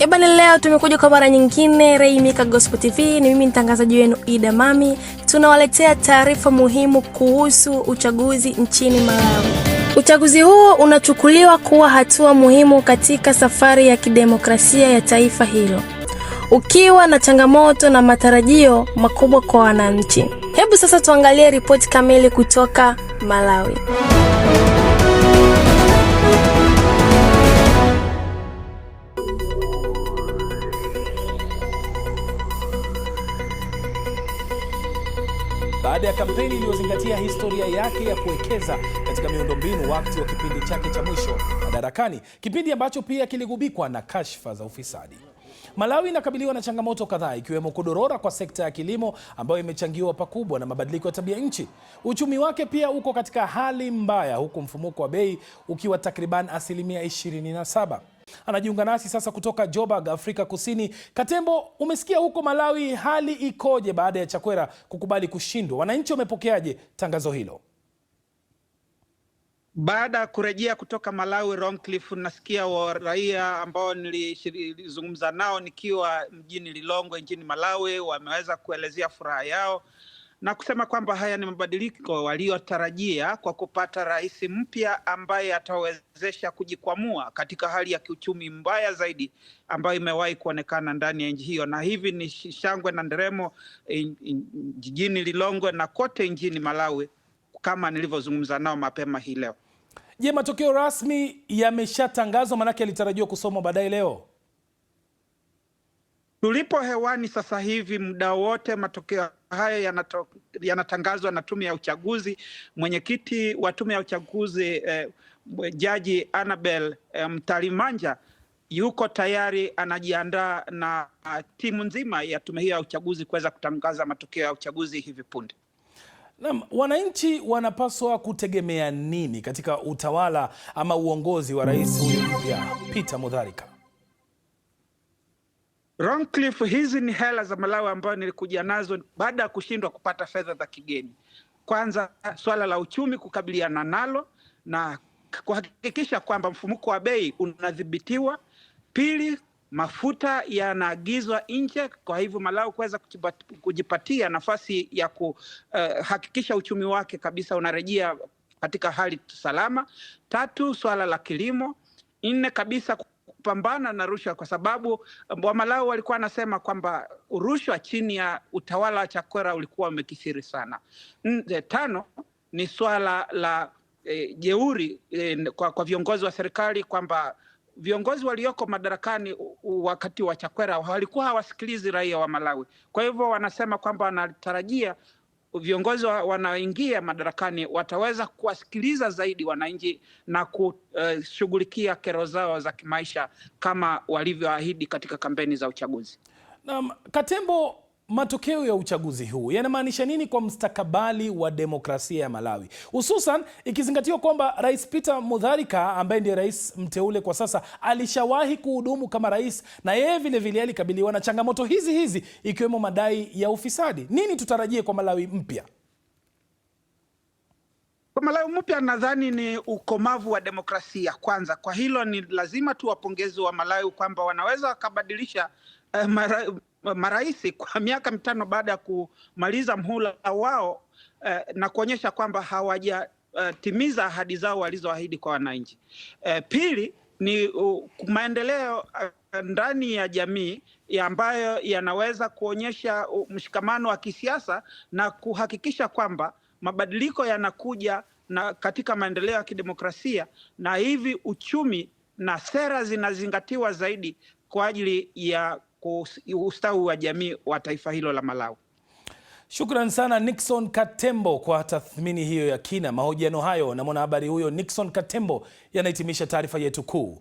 ebani leo tumekuja kwa mara nyingine Raymika Gospel TV. Ni mimi mtangazaji wenu Ida Mami, tunawaletea taarifa muhimu kuhusu uchaguzi nchini Malawi. Uchaguzi huo unachukuliwa kuwa hatua muhimu katika safari ya kidemokrasia ya taifa hilo, ukiwa na changamoto na matarajio makubwa kwa wananchi. Hebu sasa tuangalie ripoti kamili kutoka Malawi. baada ya kampeni iliyozingatia historia yake ya kuwekeza katika miundombinu wakati wa kipindi chake cha mwisho madarakani, kipindi ambacho pia kiligubikwa na kashfa za ufisadi. Malawi inakabiliwa na changamoto kadhaa ikiwemo kudorora kwa sekta ya kilimo ambayo imechangiwa pakubwa na mabadiliko ya tabia nchi. Uchumi wake pia uko katika hali mbaya, huku mfumuko wa bei ukiwa takriban asilimia 27 anajiunga nasi sasa kutoka Joburg, Afrika Kusini. Katembo, umesikia huko Malawi hali ikoje baada ya Chakwera kukubali kushindwa? Wananchi wamepokeaje tangazo hilo? Baada ya kurejea kutoka Malawi, Roncliffe, nasikia wa raia ambao nilizungumza nao nikiwa mjini Lilongwe nchini Malawi wameweza kuelezea furaha yao na kusema kwamba haya ni mabadiliko waliyotarajia kwa kupata rais mpya ambaye atawezesha kujikwamua katika hali ya kiuchumi mbaya zaidi ambayo imewahi kuonekana ndani ya nchi hiyo. Na hivi ni shangwe na nderemo eh, jijini Lilongwe na kote nchini Malawi, kama nilivyozungumza nao mapema hii leo. Je, matokeo rasmi yameshatangazwa? Maanake yalitarajiwa kusomwa baadaye leo. Tulipo hewani sasa hivi, muda wote matokeo hayo yanatangazwa na tume ya uchaguzi. Mwenyekiti wa tume ya uchaguzi eh, Jaji Annabel eh, Mtalimanja yuko tayari anajiandaa na timu nzima ya tume hiyo ya uchaguzi kuweza kutangaza matokeo ya uchaguzi hivi punde. Naam, wananchi wanapaswa kutegemea nini katika utawala ama uongozi wa rais huyu mpya Peter Mutharika? Roncliffe, hizi ni hela za Malawi ambayo nilikuja nazo baada ya kushindwa kupata fedha za kigeni. Kwanza swala la uchumi kukabiliana nalo na kuhakikisha kwamba mfumuko wa bei unadhibitiwa. Pili, mafuta yanaagizwa nje, kwa hivyo Malawi kuweza kujipatia nafasi ya kuhakikisha eh, uchumi wake kabisa unarejea katika hali salama. Tatu, swala la kilimo. Nne kabisa kupambana na rushwa, kwa sababu eh, wamalawi walikuwa wanasema kwamba rushwa chini ya utawala wa Chakwera ulikuwa umekithiri sana. Eh, tano ni swala la e, jeuri e, kwa, kwa viongozi wa serikali kwamba viongozi walioko madarakani wakati wa Chakwera walikuwa hawasikilizi raia wa Malawi. Kwa hivyo wanasema kwamba wanatarajia viongozi wanaoingia madarakani wataweza kuwasikiliza zaidi wananchi na kushughulikia eh, kero zao za kimaisha kama walivyoahidi katika kampeni za uchaguzi. Naam, Katembo Matokeo ya uchaguzi huu yanamaanisha nini kwa mstakabali wa demokrasia ya Malawi, hususan ikizingatiwa kwamba Rais Peter Mutharika ambaye ndiye rais mteule kwa sasa alishawahi kuhudumu kama rais, na yeye vilevile alikabiliwa na changamoto hizi hizi ikiwemo madai ya ufisadi. Nini tutarajie kwa Malawi mpya? Kwa Malawi mpya, nadhani ni ukomavu wa demokrasia kwanza. Kwa hilo ni lazima tu wapongezi wa Malawi kwamba wanaweza wakabadilisha eh, marais kwa miaka mitano baada ya kumaliza mhula wao eh, na kuonyesha kwamba hawajatimiza uh, ahadi zao walizoahidi kwa wananchi. Eh, pili ni uh, maendeleo uh, ndani ya jamii ya ambayo yanaweza kuonyesha uh, mshikamano wa kisiasa na kuhakikisha kwamba mabadiliko yanakuja na katika maendeleo ya kidemokrasia na hivi uchumi na sera zinazingatiwa zaidi kwa ajili ya ustawi wa jamii wa taifa hilo la Malawi. Shukran sana Nixon Katembo kwa tathmini hiyo ya kina. Mahojiano hayo na mwanahabari huyo Nixon Katembo yanahitimisha taarifa yetu kuu.